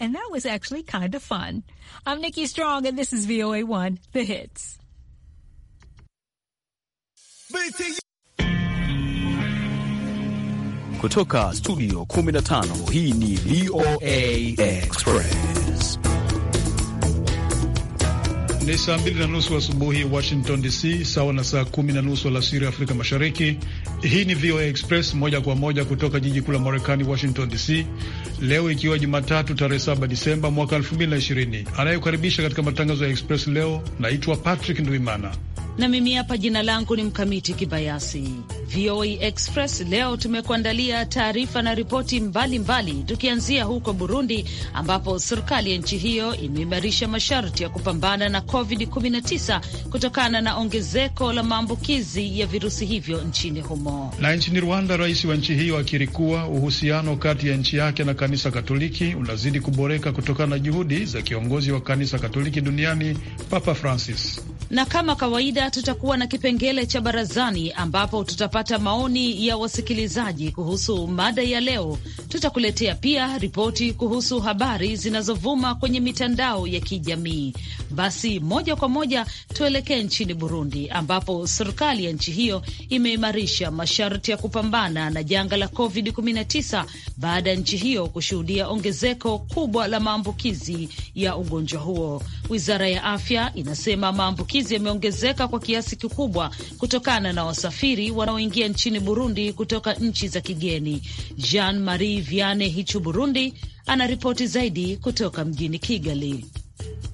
and that was actually kind of fun. I'm Nikki Strong, and this is VOA1, The Hits. Kutoka studio 15 hii ni VOA Express. Ni saa mbili na nusu asubuhi wa Washington DC, sawa na saa kumi na nusu alasiri Afrika Mashariki. Hii ni VOA Express moja kwa moja kutoka jiji kuu la Marekani, Washington DC, leo ikiwa Jumatatu tarehe 7 Disemba mwaka ishirini, Anayekaribisha katika matangazo ya Express leo naitwa Patrick Ndwimana na mimi hapa jina langu ni Mkamiti Kibayasi. VOA Express leo tumekuandalia taarifa na ripoti mbalimbali, tukianzia huko Burundi ambapo serikali ya nchi hiyo imeimarisha masharti ya kupambana na COVID-19 kutokana na ongezeko la maambukizi ya virusi hivyo nchini humo. Na nchini Rwanda, rais wa nchi hiyo akiri kuwa uhusiano kati ya nchi yake na kanisa Katoliki unazidi kuboreka kutokana na juhudi za kiongozi wa kanisa Katoliki duniani Papa Francis na kama kawaida tutakuwa na kipengele cha barazani ambapo tutapata maoni ya wasikilizaji kuhusu mada ya leo. Tutakuletea pia ripoti kuhusu habari zinazovuma kwenye mitandao ya kijamii. Basi moja kwa moja tuelekee nchini Burundi, ambapo serikali ya nchi hiyo imeimarisha masharti ya kupambana na janga la COVID-19 baada ya nchi hiyo kushuhudia ongezeko kubwa la maambukizi ya ugonjwa huo. Wizara ya afya inasema maambukizi maambukizi yameongezeka kwa kiasi kikubwa kutokana na wasafiri wanaoingia nchini Burundi kutoka nchi za kigeni. Jean Marie Viane Hichu Burundi ana ripoti zaidi kutoka mjini Kigali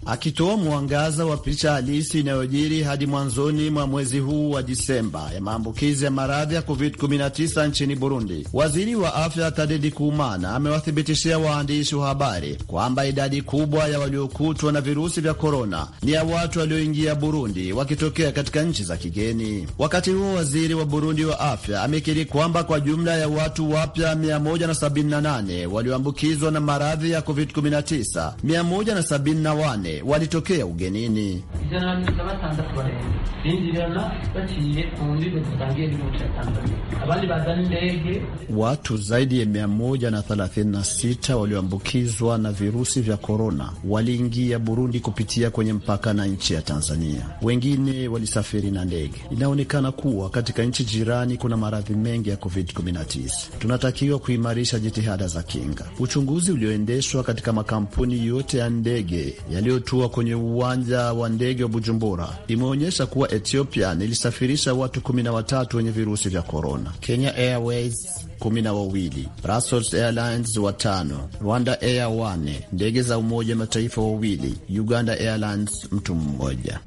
akitoa mwangaza wa picha halisi inayojiri hadi mwanzoni mwa mwezi huu wa Disemba ya maambukizi ya maradhi ya COVID-19 nchini Burundi. Waziri wa afya Tadedi Kuumana amewathibitishia waandishi wa habari kwamba idadi kubwa ya waliokutwa na virusi vya korona ni ya watu walioingia Burundi wakitokea katika nchi za kigeni. Wakati huo waziri wa Burundi wa afya amekiri kwamba kwa jumla ya watu wapya 178 walioambukizwa na maradhi ya COVID-19, 178 walitokea ugenini. Watu zaidi ya 136 walioambukizwa na virusi vya korona waliingia Burundi kupitia kwenye mpaka na nchi ya Tanzania, wengine walisafiri na ndege. Inaonekana kuwa katika nchi jirani kuna maradhi mengi ya COVID-19. Tunatakiwa kuimarisha jitihada za kinga. Uchunguzi ulioendeshwa katika makampuni yote ya ndege yaliyo iliyotua kwenye uwanja wa ndege wa Bujumbura imeonyesha kuwa Ethiopia nilisafirisha watu 13 wenye virusi vya korona. Kenya Airways kumi na wawili, Brussels Airlines watano, Rwanda Air wane, ndege za Umoja wa Mataifa wawili, Uganda Airlines mtu mmoja.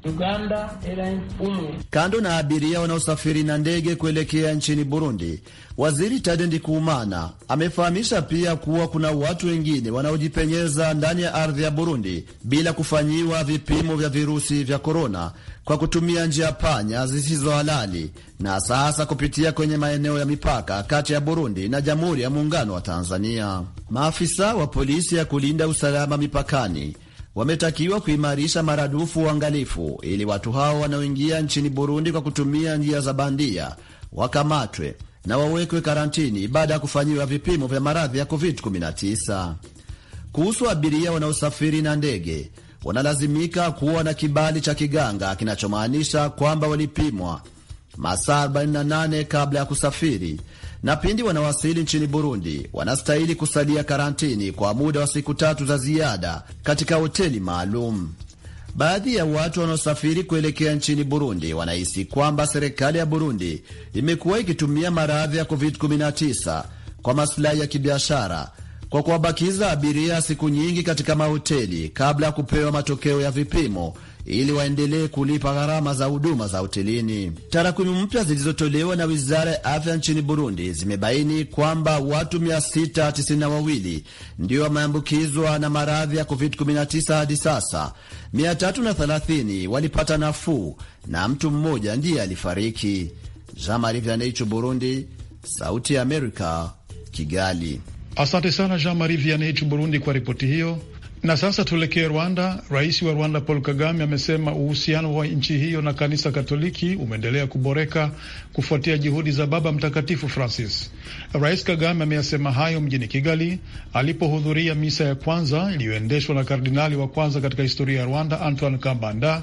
Kando na abiria wanaosafiri na ndege kuelekea nchini Burundi, Waziri Tade Ndikuumana amefahamisha pia kuwa kuna watu wengine wanaojipenyeza ndani ya ardhi ya Burundi bila kufanyiwa vipimo vya virusi vya korona kwa kutumia njia panya zisizo halali na sasa kupitia kwenye maeneo ya mipaka kati ya Burundi na Jamhuri ya Muungano wa Tanzania. Maafisa wa polisi ya kulinda usalama mipakani wametakiwa kuimarisha maradufu uangalifu ili watu hao wanaoingia nchini Burundi kwa kutumia njia za bandia wakamatwe na wawekwe karantini baada ya kufanyiwa vipimo vya maradhi ya COVID-19. Kuhusu abiria wanaosafiri na ndege wanalazimika kuwa na kibali cha kiganga kinachomaanisha kwamba walipimwa masaa 48 kabla ya kusafiri, na pindi wanawasili nchini Burundi wanastahili kusalia karantini kwa muda wa siku tatu za ziada katika hoteli maalum. Baadhi ya watu wanaosafiri kuelekea nchini Burundi wanahisi kwamba serikali ya Burundi imekuwa ikitumia maradhi ya COVID-19 kwa masilahi ya kibiashara kwa kuwabakiza abiria siku nyingi katika mahoteli kabla ya kupewa matokeo ya vipimo ili waendelee kulipa gharama za huduma za hotelini. Tarakwimu mpya zilizotolewa na wizara ya afya nchini Burundi zimebaini kwamba watu 692 ndio wameambukizwa na maradhi ya COVID-19 hadi sasa, 330 walipata nafuu na mtu mmoja ndiye alifariki. Jean Marie Vianney, Burundi, Sauti ya Amerika, Kigali. Asante sana Jean Marie Vianney Burundi kwa ripoti hiyo. Na sasa tuelekee Rwanda. Rais wa Rwanda Paul Kagame amesema uhusiano wa nchi hiyo na kanisa Katoliki umeendelea kuboreka kufuatia juhudi za Baba Mtakatifu Francis. Rais Kagame ameyasema hayo mjini Kigali alipohudhuria misa ya kwanza iliyoendeshwa na kardinali wa kwanza katika historia ya Rwanda, Antoine Kambanda,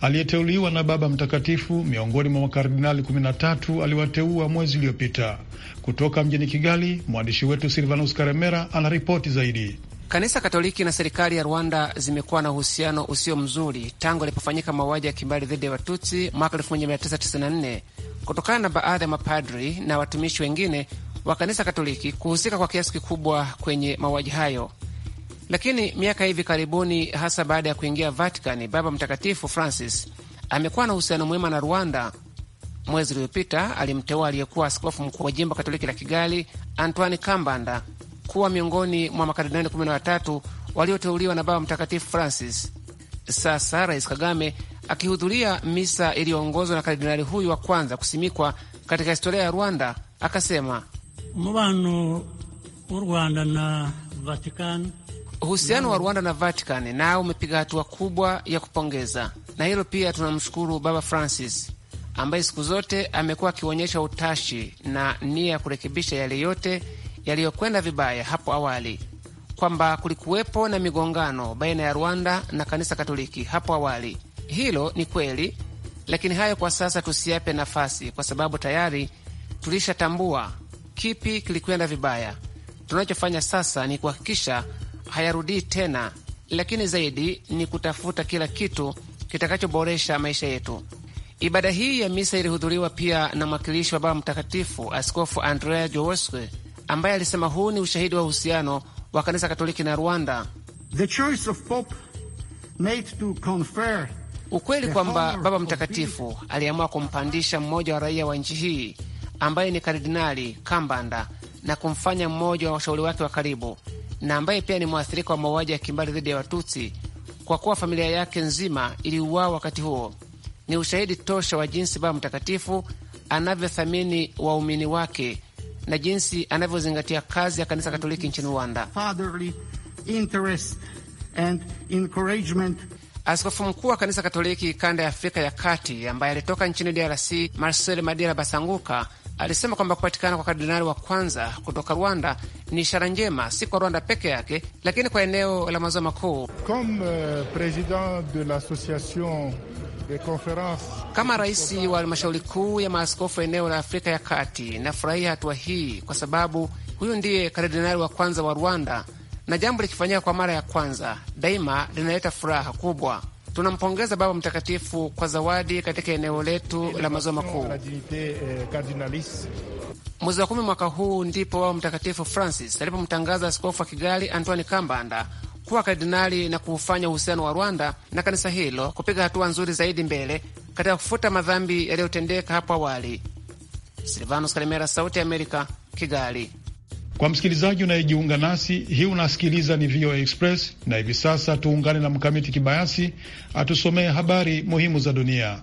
aliyeteuliwa na Baba Mtakatifu miongoni mwa makardinali kumi na tatu aliwateua mwezi uliopita. Kutoka mjini Kigali, mwandishi wetu Silvanus Karemera anaripoti zaidi. Kanisa Katoliki na serikali ya Rwanda zimekuwa na uhusiano usio mzuri tangu yalipofanyika mauaji ya kimbali dhidi ya Watutsi mwaka 1994 kutokana na baadhi ya mapadri na watumishi wengine wa kanisa Katoliki kuhusika kwa kiasi kikubwa kwenye mauaji hayo. Lakini miaka hivi karibuni, hasa baada ya kuingia Vatican, Baba Mtakatifu Francis amekuwa na uhusiano mwema na Rwanda. Mwezi uliopita alimteua aliyekuwa askofu mkuu wa jimbo Katoliki la Kigali, Antoine Kambanda kuwa miongoni mwa makardinali 13 walioteuliwa na Baba Mtakatifu Francis. Sasa Rais Kagame akihudhuria misa iliyoongozwa na kardinali huyu wa kwanza kusimikwa katika historia ya Rwanda akasema mubano wa Rwanda na Vatican, uhusiano wa Rwanda na Vatican nao umepiga hatua kubwa ya kupongeza, na hilo pia tunamshukuru Baba Francis ambaye siku zote amekuwa akionyesha utashi na nia ya kurekebisha yale yote yaliyokwenda vibaya hapo awali, kwamba kulikuwepo na migongano baina ya Rwanda na kanisa Katoliki hapo awali. Hilo ni kweli, lakini hayo kwa sasa tusiyape nafasi, kwa sababu tayari tulishatambua kipi kilikwenda vibaya. Tunachofanya sasa ni kuhakikisha hayarudii tena, lakini zaidi ni kutafuta kila kitu kitakachoboresha maisha yetu. Ibada hii ya misa ilihudhuriwa pia na mwakilishi wa Baba Mtakatifu, Askofu Andrea Jooswe, ambaye alisema huu ni ushahidi wa uhusiano wa kanisa Katoliki na Rwanda. The of Pope made to confer ukweli kwamba Baba Mtakatifu aliamua kumpandisha mmoja wa raia wa nchi hii ambaye ni Kardinali Kambanda na kumfanya mmoja wa washauri wake wa karibu na ambaye pia ni mwathirika wa mauaji ya kimbari dhidi ya Watutsi kwa kuwa familia yake nzima iliuawa wakati huo, ni ushahidi tosha wa jinsi Baba Mtakatifu anavyothamini waumini wake na jinsi anavyozingatia kazi ya kanisa Katoliki nchini Rwanda. Askofu mkuu wa kanisa Katoliki kanda ya Afrika ya Kati ambaye alitoka nchini DRC, Marcel Madira Basanguka, alisema kwamba kupatikana kwa kardinali wa kwanza kutoka Rwanda ni ishara njema, si kwa Rwanda peke yake, lakini kwa eneo la maziwa makuu. Euh, kama rais wa halmashauri kuu ya maaskofu eneo la Afrika ya Kati, nafurahia hatua hii kwa sababu huyu ndiye kardinali wa kwanza wa Rwanda, na jambo likifanyika kwa mara ya kwanza daima linaleta furaha kubwa. Tunampongeza Baba Mtakatifu kwa zawadi katika eneo letu la maziwa makuu. Euh, Mwezi wa kumi mwaka huu ndipo Baba Mtakatifu Francis alipomtangaza askofu wa Kigali Antoine Kambanda kuwa kardinali na kuufanya uhusiano wa Rwanda na kanisa hilo kupiga hatua nzuri zaidi mbele katika kufuta madhambi yaliyotendeka hapo awali. Silvanus Kalimera, Sauti ya Amerika, Kigali. Kwa msikilizaji unayejiunga nasi, hii unasikiliza ni VOA Express, na hivi sasa tuungane na Mkamiti Kibayasi atusomee habari muhimu za dunia.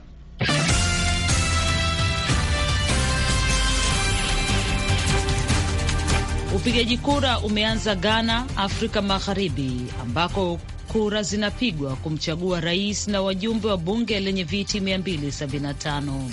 Upigaji kura umeanza Ghana, Afrika Magharibi, ambako kura zinapigwa kumchagua rais na wajumbe wa bunge lenye viti 275.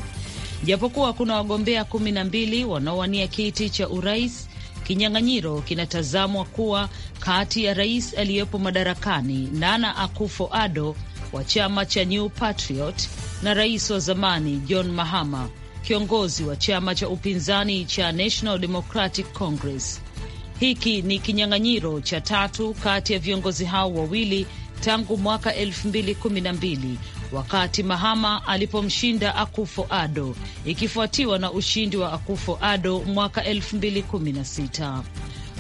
Japokuwa kuna wagombea 12 wanaowania kiti cha urais, kinyang'anyiro kinatazamwa kuwa kati ya rais aliyepo madarakani Nana akufo Ado wa chama cha New Patriot na rais wa zamani John Mahama, kiongozi wa chama cha upinzani cha National Democratic Congress. Hiki ni kinyang'anyiro cha tatu kati ya viongozi hao wawili tangu mwaka 2012 wakati Mahama alipomshinda Akufo Ado, ikifuatiwa na ushindi wa Akufo Ado mwaka 2016.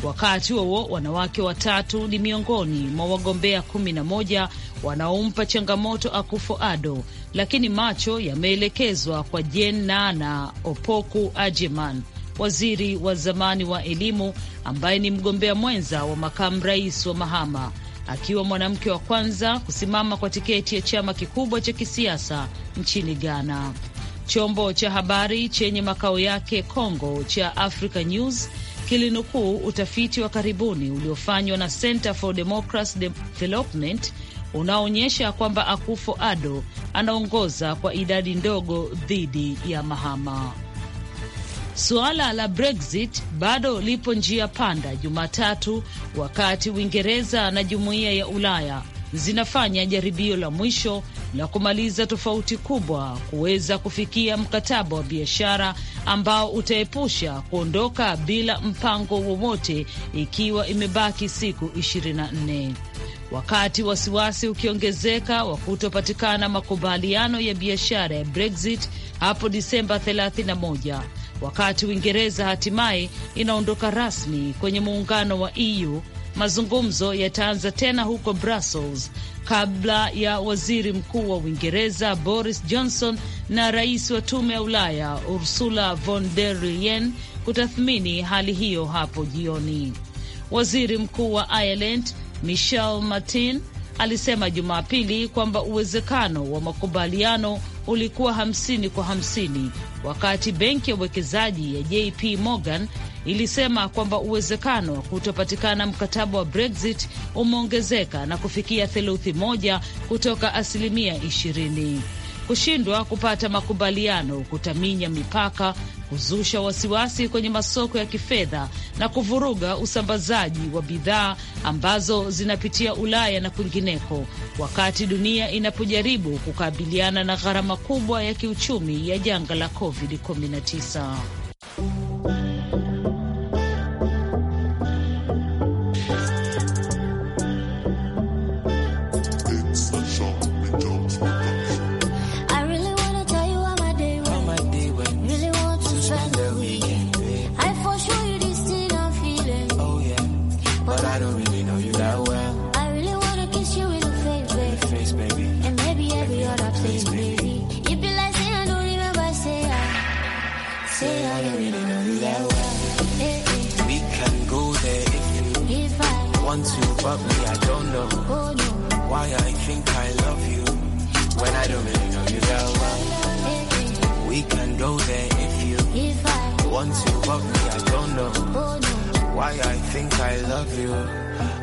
Wakati huo wanawake watatu ni miongoni mwa wagombea 11 wanaompa changamoto Akufo Ado, lakini macho yameelekezwa kwa Jen Nana Opoku Ajeman waziri wa zamani wa elimu ambaye ni mgombea mwenza wa makamu rais wa Mahama, akiwa mwanamke wa kwanza kusimama kwa tiketi ya chama kikubwa cha kisiasa nchini Ghana. Chombo cha habari chenye makao yake Congo cha Africa News kilinukuu utafiti wa karibuni uliofanywa na Center for Democracy Development unaoonyesha kwamba akufo ado anaongoza kwa idadi ndogo dhidi ya Mahama. Suala la Brexit bado lipo njia panda Jumatatu, wakati Uingereza na jumuiya ya Ulaya zinafanya jaribio la mwisho la kumaliza tofauti kubwa, kuweza kufikia mkataba wa biashara ambao utaepusha kuondoka bila mpango wowote, ikiwa imebaki siku 24. Wakati wasiwasi ukiongezeka wa kutopatikana makubaliano ya biashara ya Brexit hapo Disemba 31 wakati Uingereza hatimaye inaondoka rasmi kwenye muungano wa EU. Mazungumzo yataanza tena huko Brussels kabla ya waziri mkuu wa Uingereza Boris Johnson na rais wa tume ya Ulaya Ursula von der Leyen kutathmini hali hiyo hapo jioni. Waziri mkuu wa Ireland Michel Martin alisema Jumapili kwamba uwezekano wa makubaliano ulikuwa 50 kwa 50, wakati benki ya uwekezaji ya JP Morgan ilisema kwamba uwezekano wa kutopatikana mkataba wa Brexit umeongezeka na kufikia theluthi moja kutoka asilimia 20 Kushindwa kupata makubaliano kutaminya mipaka kuzusha wasiwasi kwenye masoko ya kifedha na kuvuruga usambazaji wa bidhaa ambazo zinapitia Ulaya na kwingineko, wakati dunia inapojaribu kukabiliana na gharama kubwa ya kiuchumi ya janga la COVID-19. think I love you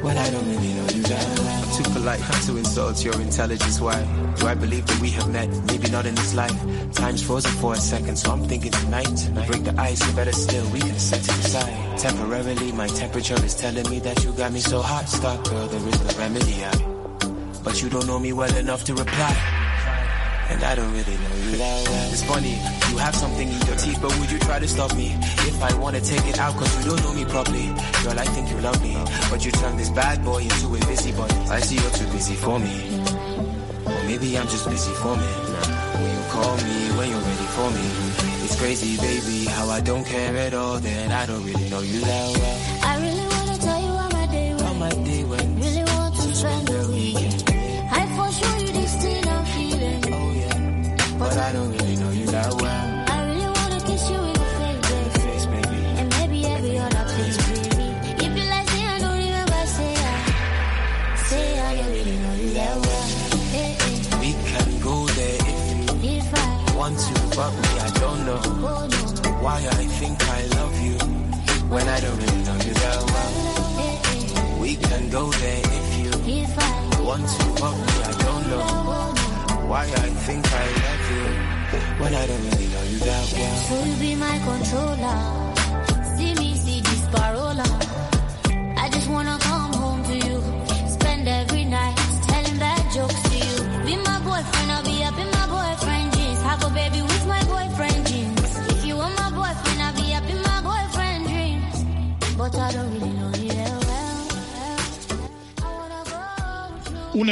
when I don't really know you that well. I'm too polite to insult your intelligence. Why do I believe that we have met? Maybe not in this life. Time's frozen for a second, so I'm thinking tonight. tonight. Break the ice, or better still, we can set it aside. Temporarily, my temperature is telling me that you got me so hot. Stop, girl, there is no remedy. I, but you don't know me well enough to reply and I don't really know you that well. It's funny, you have something in your teeth, but would you try to stop me? If I wanna take it out, cause you don't know me properly. Girl, I think you love me, but you turn this bad boy into a busy boy. I see you're too busy for me. Or maybe I'm just busy for me. Will you call me, when you're ready for me. It's crazy, baby, how I don't care at all, then I don't really know you that well. I really wanna tell you how my day went. How my day I don't really know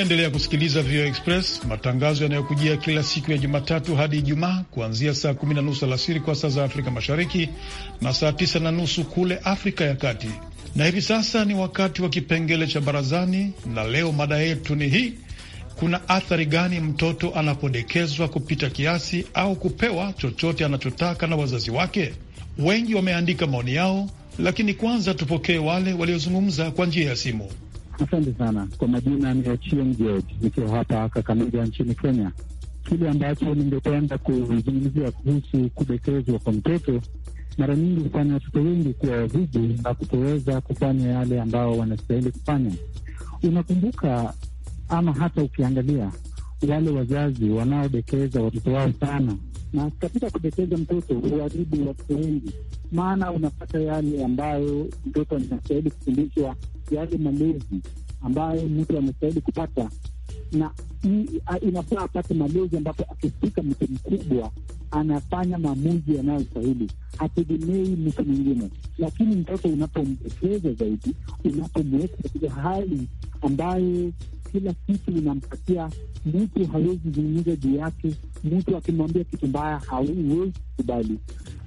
Unaendelea kusikiliza VOA Express, matangazo yanayokujia kila siku ya Jumatatu hadi Ijumaa kuanzia saa kumi na nusu alasiri kwa saa za Afrika Mashariki na saa tisa na nusu kule Afrika ya Kati. Na hivi sasa ni wakati wa kipengele cha barazani, na leo mada yetu ni hii: kuna athari gani mtoto anapodekezwa kupita kiasi au kupewa chochote anachotaka na wazazi wake? Wengi wameandika maoni yao, lakini kwanza tupokee wale waliozungumza kwa njia ya simu. Asante sana kwa majina, ni Ochieng George nikiwa hapa Kakamega nchini Kenya. Kile ambacho ningependa kuzungumzia kuhusu kudekezwa kwa mtoto, mara nyingi hufanya watoto wengi kuwa wavivu na kutoweza kufanya yale ambao wanastahili kufanya. Unakumbuka ama hata ukiangalia wale wazazi wanaodekeza watoto wao sana, na katika kudekeza mtoto huharibu watoto wengi, maana unapata yale ambayo mtoto anastahili kufundishwa yale malezi ambayo mtu anastahili kupata, na inafaa apate malezi ambapo akifika mtu mkubwa anafanya maamuzi yanayostahili, hategemei mtu mwingine. Lakini mtoto unapomwekeza zaidi, unapomweka katika hali ambayo kila kitu unampatia mtu, hawezi zungumza juu yake. Mtu akimwambia kitu mbaya hauwezi kubali.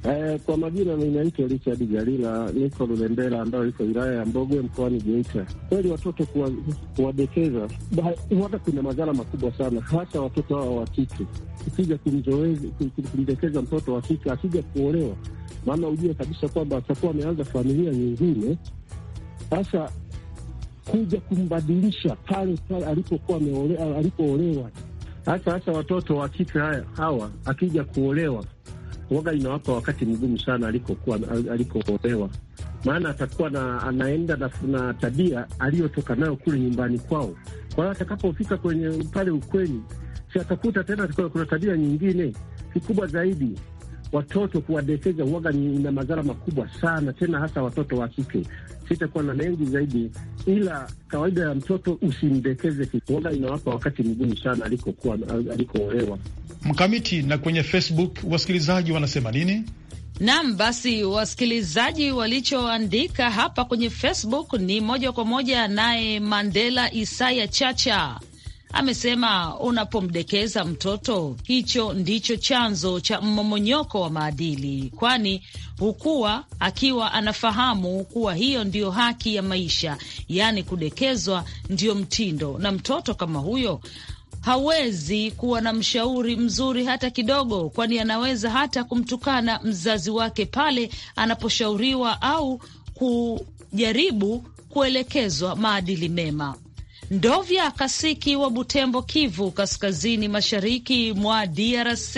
Eh, kwa majina ninaitwa Richard Galila, niko Lulembela ambayo iko wilaya ya Mbogwe mkoani Geita. Kweli watoto kuwadekeza huwata, kuna madhara makubwa sana, hasa watoto hawa wa kike. Ukija kumdekeza mtoto wa kike akija kuolewa, maana ujue kabisa kwamba atakuwa ameanza familia nyingine. Sasa kuja kumbadilisha pale pale alipokuwa alipoolewa. Hasa hasa watoto wa kike hawa, akija kuolewa waga inawapa wakati mgumu sana alikokuwa alikoolewa, maana atakuwa na, anaenda na, na tabia aliyotoka nayo kule nyumbani kwao. Kwa hiyo atakapofika kwenye pale ukweni, si atakuta tena kuna tabia nyingine kikubwa zaidi watoto kuwadekeza uwaga ina madhara makubwa sana, tena hasa watoto wa kike. Sitakuwa na mengi zaidi, ila kawaida ya mtoto usimdekeze kiuaga, inawapa wakati mgumu sana alikokuwa alikoolewa. Mkamiti na kwenye Facebook wasikilizaji wanasema nini? Nam, basi wasikilizaji walichoandika hapa kwenye Facebook ni moja kwa moja, naye Mandela Isaya Chacha amesema unapomdekeza mtoto, hicho ndicho chanzo cha mmomonyoko wa maadili, kwani hukuwa akiwa anafahamu kuwa hiyo ndiyo haki ya maisha, yaani kudekezwa ndiyo mtindo, na mtoto kama huyo hawezi kuwa na mshauri mzuri hata kidogo, kwani anaweza hata kumtukana mzazi wake pale anaposhauriwa au kujaribu kuelekezwa maadili mema. Ndovya Kasiki wa Butembo, Kivu Kaskazini, mashariki mwa DRC,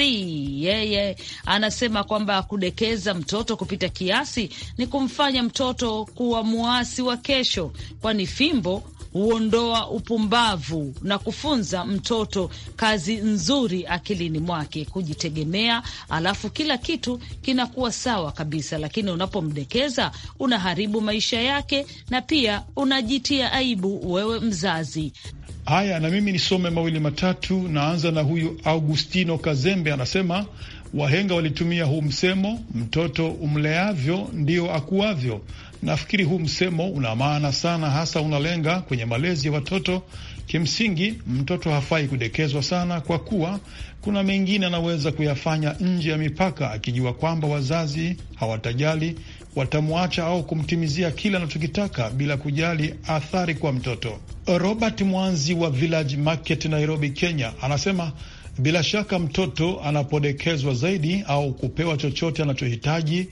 yeye anasema kwamba kudekeza mtoto kupita kiasi ni kumfanya mtoto kuwa muasi wa kesho, kwani fimbo huondoa upumbavu na kufunza mtoto kazi nzuri akilini mwake, kujitegemea, alafu kila kitu kinakuwa sawa kabisa. Lakini unapomdekeza unaharibu maisha yake na pia unajitia aibu wewe mzazi. Haya, na mimi nisome mawili matatu. Naanza na huyu Augustino Kazembe, anasema wahenga walitumia huu msemo, mtoto umleavyo ndio akuavyo. Nafikiri huu msemo una maana sana, hasa unalenga kwenye malezi ya watoto. Kimsingi, mtoto hafai kudekezwa sana, kwa kuwa kuna mengine anaweza kuyafanya nje ya mipaka, akijua kwamba wazazi hawatajali, watamwacha au kumtimizia kile anachokitaka bila kujali athari kwa mtoto. Robert Mwanzi wa Village Market, Nairobi, Kenya, anasema bila shaka mtoto anapodekezwa zaidi au kupewa chochote anachohitaji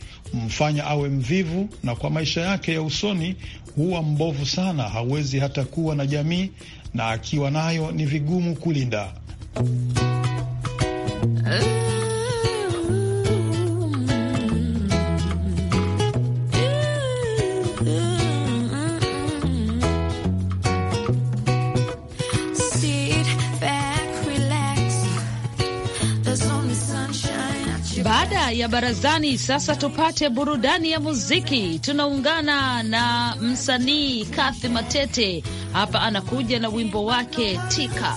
mfanya awe mvivu, na kwa maisha yake ya usoni huwa mbovu sana, hawezi hata kuwa na jamii, na akiwa nayo ni vigumu kulinda eh. ya barazani. Sasa tupate burudani ya muziki. Tunaungana na msanii Kathi Matete, hapa anakuja na wimbo wake Tika.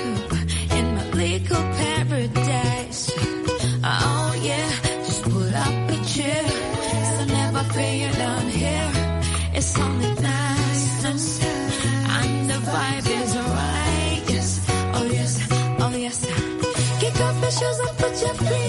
pictures and put your feet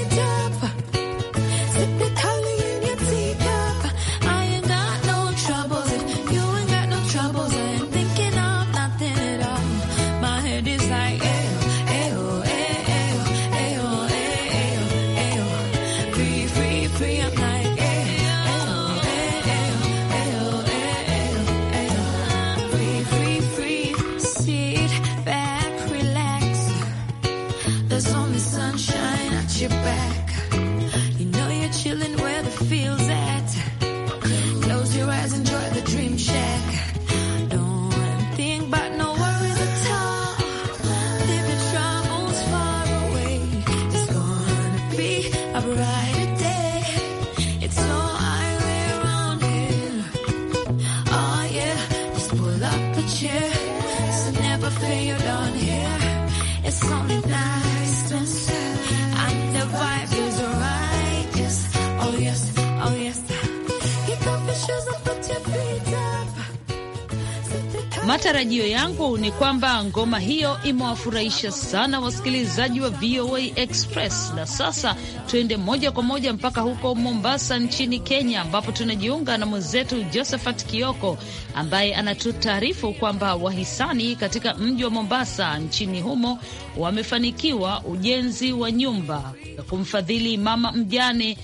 Matarajio yangu ni kwamba ngoma hiyo imewafurahisha sana wasikilizaji wa VOA Express. Na sasa tuende moja kwa moja mpaka huko Mombasa nchini Kenya, ambapo tunajiunga na mwenzetu Josephat Kioko ambaye anatutaarifu kwamba wahisani katika mji wa Mombasa nchini humo wamefanikiwa ujenzi wa nyumba ya kumfadhili mama mjane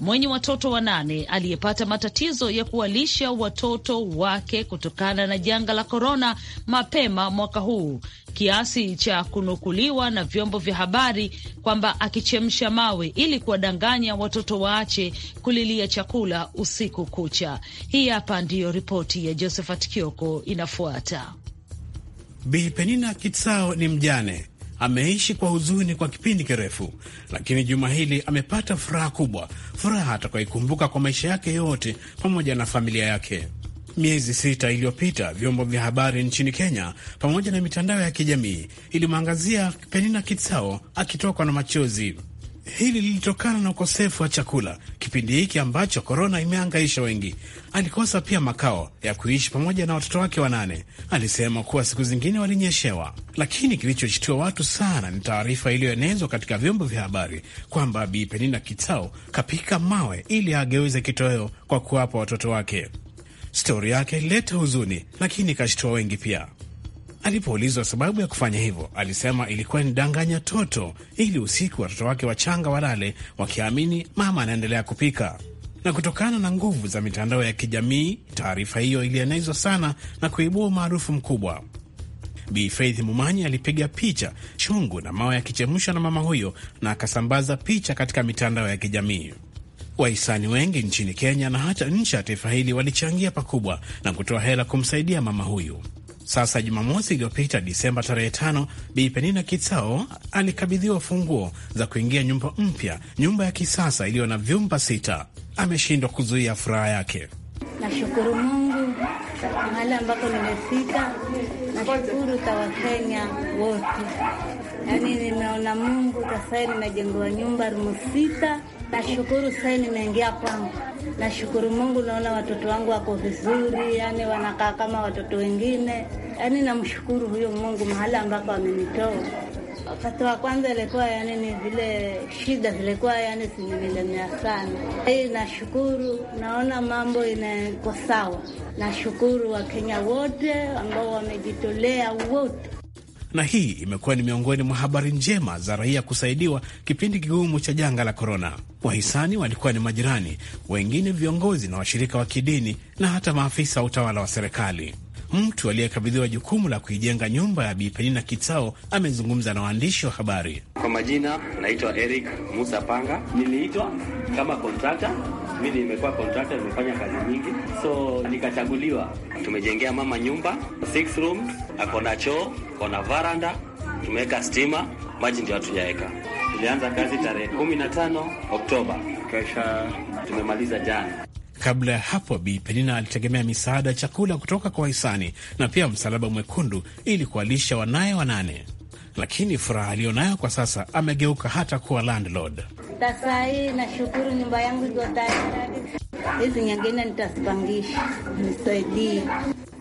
mwenye watoto wanane aliyepata matatizo ya kuwalisha watoto wake kutokana na janga la korona mapema mwaka huu kiasi cha kunukuliwa na vyombo vya habari kwamba akichemsha mawe ili kuwadanganya watoto waache kulilia chakula usiku kucha. Hii hapa ndiyo ripoti ya Josephat Kioko inafuata. Bi Penina Kitsao ni mjane ameishi kwa huzuni kwa kipindi kirefu, lakini juma hili amepata furaha kubwa, furaha atakayoikumbuka kwa maisha yake yote pamoja na familia yake. Miezi sita iliyopita vyombo vya habari nchini Kenya pamoja na mitandao ya kijamii ilimwangazia Penina Kitsao akitokwa na machozi. Hili lilitokana na ukosefu wa chakula kipindi hiki ambacho korona imehangaisha wengi. Alikosa pia makao ya kuishi pamoja na watoto wake wanane. Alisema kuwa siku zingine walinyeshewa, lakini kilichoshtua watu sana ni taarifa iliyoenezwa katika vyombo vya habari kwamba Bi Penina Kitao kapika mawe ili ageuze kitoweo kwa kuwapa watoto wake. Stori yake ilileta huzuni, lakini ikashitua wengi pia. Alipoulizwa sababu ya kufanya hivyo, alisema ilikuwa ni danganya toto, ili usiku watoto wake wachanga walale wakiamini mama anaendelea kupika. Na kutokana na nguvu za mitandao ya kijamii, taarifa hiyo ilienezwa sana na kuibua umaarufu mkubwa. Bi Faith Mumanyi alipiga picha chungu na mawe yakichemshwa na mama huyo na akasambaza picha katika mitandao ya kijamii. Wahisani wengi nchini Kenya na hata nje ya taifa hili walichangia pakubwa na kutoa hela kumsaidia mama huyu. Sasa Jumamosi iliyopita Disemba tarehe tano, Bi Penina Kitsao alikabidhiwa funguo za kuingia nyumba mpya, nyumba ya kisasa iliyo na vyumba sita. Ameshindwa kuzuia furaha yake. Nashukuru Mungu mahali ambapo nimefika, nashukuru tawakenya wote yaani nimeona Mungu kasai, nimejengewa nyumba rumu sita. Nashukuru sai, nimeingia kwangu, nashukuru Mungu, naona watoto wangu wako vizuri, yaani wanakaa kama watoto wengine, yaani namshukuru huyo Mungu mahala ambapo amenitoa. Wakati wa kwanza ilikuwa yani ni vile shida zilikuwa yani zinilemea sana. Hii nashukuru, naona mambo inaiko sawa. Nashukuru Wakenya wote ambao wamejitolea wote na hii imekuwa ni miongoni mwa habari njema za raia kusaidiwa kipindi kigumu cha janga la korona. Wahisani walikuwa ni majirani, wengine viongozi na washirika wa kidini na hata maafisa wa utawala wa serikali. Mtu aliyekabidhiwa jukumu la kuijenga nyumba ya Bi Penina Kitao amezungumza na waandishi wa habari. Kwa majina, naitwa Eric Musa Panga. Niliitwa kama kontrakta, mi nimekuwa kontrakta, nimefanya kazi nyingi, so nikachaguliwa. Tumejengea mama nyumba six room, akona choo, kona varanda, tumeweka stima, maji ndio hatujaweka. Tulianza kazi tarehe 15 Oktoba, kesha tumemaliza jana. Kabla ya hapo, Bi Penina alitegemea misaada ya chakula kutoka kwa wahisani na pia Msalaba Mwekundu ili kuwalisha wanaye wanane, lakini furaha aliyonayo kwa sasa amegeuka hata kuwa landlord. Saa hii nashukuru nyumba yangu iko tayari, hizi nyingine nitazipangisha nisaidie.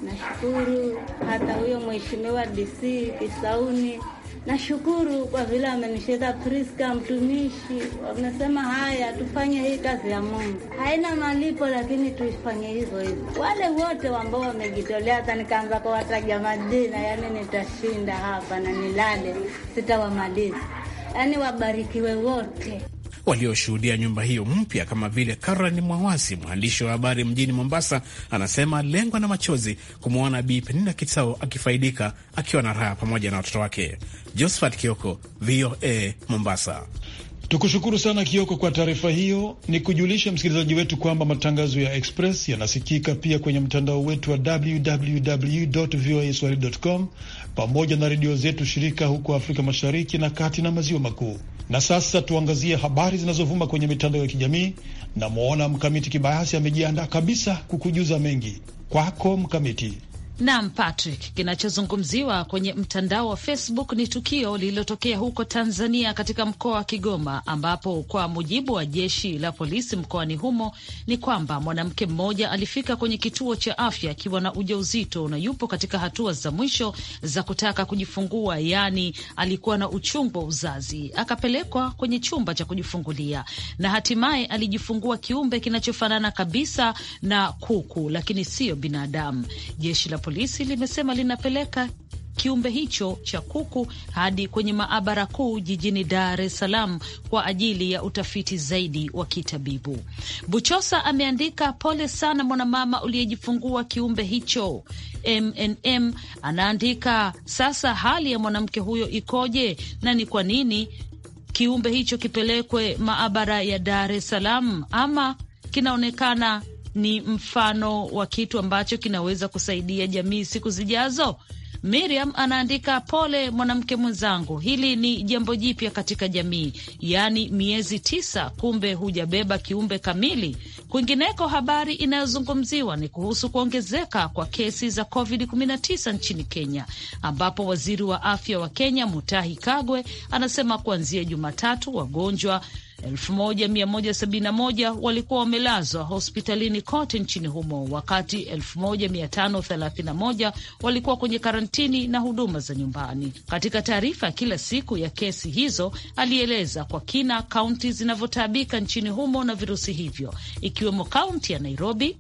Nashukuru hata huyo mheshimiwa DC Kisauni Nashukuru kwa vile amenishika Priska mtumishi. Wamesema haya, tufanye hii kazi ya Mungu, haina malipo, lakini tuifanye hivyo hivyo. Wale wote ambao wamejitolea, hata nikaanza kuwataja majina, yani nitashinda hapa na nilale, sitawamaliza. Yaani wabarikiwe wote walioshuhudia nyumba hiyo mpya, kama vile Karan Mwawasi, mwandishi wa habari mjini Mombasa, anasema lengwa na machozi kumwona Bi Penina Kitao akifaidika akiwa na raha pamoja na watoto wake. Josephat Kioko, VOA Mombasa. Tukushukuru sana Kioko kwa taarifa hiyo. Ni kujulisha msikilizaji wetu kwamba matangazo ya Express yanasikika pia kwenye mtandao wetu wa www voa com pamoja na redio zetu shirika huko Afrika Mashariki na kati na maziwa makuu. Na sasa tuangazie habari zinazovuma kwenye mitandao ya kijamii. Namwona Mkamiti Kibayasi amejiandaa kabisa kukujuza mengi. Kwako Mkamiti. Naam, Patrick, kinachozungumziwa kwenye mtandao wa Facebook ni tukio lililotokea huko Tanzania katika mkoa wa Kigoma, ambapo kwa mujibu wa jeshi la polisi mkoani humo ni kwamba mwanamke mmoja alifika kwenye kituo cha afya akiwa na ujauzito na yupo katika hatua za mwisho za kutaka kujifungua, yaani alikuwa na uchungu wa uzazi, akapelekwa kwenye chumba cha kujifungulia na hatimaye alijifungua kiumbe kinachofanana kabisa na kuku, lakini siyo binadamu. Jeshi la polisi limesema linapeleka kiumbe hicho cha kuku hadi kwenye maabara kuu jijini Dar es Salaam kwa ajili ya utafiti zaidi wa kitabibu. Buchosa ameandika, pole sana mwanamama uliyejifungua kiumbe hicho. MNM anaandika, sasa hali ya mwanamke huyo ikoje na ni kwa nini kiumbe hicho kipelekwe maabara ya Dar es Salaam ama kinaonekana ni mfano wa kitu ambacho kinaweza kusaidia jamii siku zijazo. Miriam anaandika pole mwanamke mwenzangu, hili ni jambo jipya katika jamii, yaani miezi tisa, kumbe hujabeba kiumbe kamili. Kwingineko, habari inayozungumziwa ni kuhusu kuongezeka kwa kesi za COVID-19 nchini Kenya, ambapo waziri wa afya wa Kenya Mutahi Kagwe anasema kuanzia Jumatatu wagonjwa 1171 walikuwa wamelazwa hospitalini kote nchini humo, wakati 1531 walikuwa kwenye karantini na huduma za nyumbani. Katika taarifa ya kila siku ya kesi hizo, alieleza kwa kina kaunti zinavyotaabika nchini humo na virusi hivyo, ikiwemo kaunti ya Nairobi,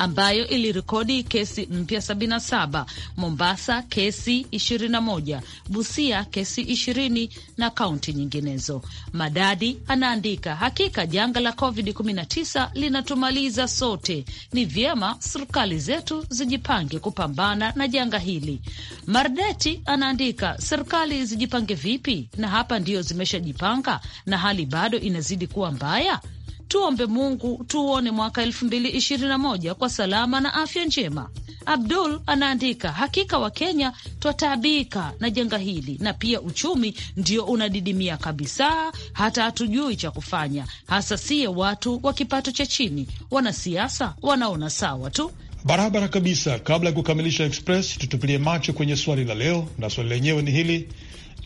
ambayo ilirekodi kesi mpya 77, Mombasa kesi 21, Busia kesi 20 na kaunti nyinginezo. Madadi anaandika, hakika janga la COVID-19 linatumaliza sote. Ni vyema serikali zetu zijipange kupambana na janga hili. Mardeti anaandika, serikali zijipange vipi? Na hapa ndio zimeshajipanga na hali bado inazidi kuwa mbaya. Tuombe Mungu tuone mwaka elfu mbili ishirini na moja kwa salama na afya njema. Abdul anaandika hakika, Wakenya twataabika na janga hili, na pia uchumi ndio unadidimia kabisa, hata hatujui cha kufanya, hasa siye watu wa kipato cha chini. Wanasiasa wanaona sawa tu barabara kabisa. Kabla ya kukamilisha Express, tutupilie macho kwenye swali la leo, na swali lenyewe ni hili: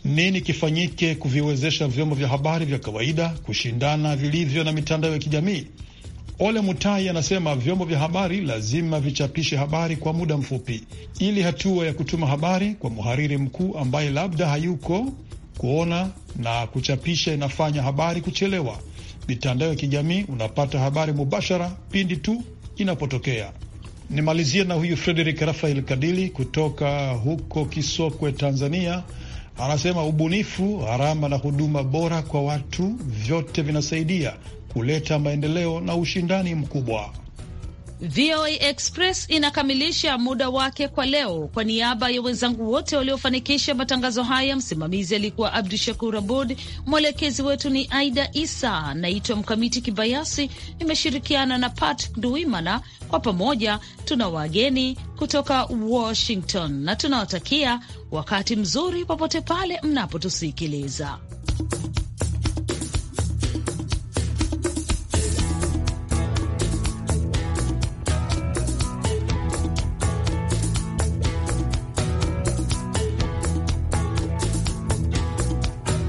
nini kifanyike kuviwezesha vyombo vya habari vya kawaida kushindana vilivyo na mitandao ya kijamii? Ole Mutai anasema vyombo vya habari lazima vichapishe habari kwa muda mfupi, ili hatua ya kutuma habari kwa mhariri mkuu ambaye labda hayuko kuona na kuchapisha inafanya habari kuchelewa. Mitandao ya kijamii unapata habari mubashara pindi tu inapotokea. Nimalizie na huyu Frederik Rafael Kadili kutoka huko Kisokwe, Tanzania. Anasema ubunifu, gharama na huduma bora kwa watu, vyote vinasaidia kuleta maendeleo na ushindani mkubwa. VOA Express inakamilisha muda wake kwa leo. Kwa niaba ya wenzangu wote waliofanikisha matangazo haya, msimamizi alikuwa Abdu Shakur Abud, mwelekezi wetu ni Aida Isa. Naitwa Mkamiti Kibayasi, nimeshirikiana na Pat Duimana. Kwa pamoja tuna wageni kutoka Washington na tunawatakia wakati mzuri popote pale mnapotusikiliza.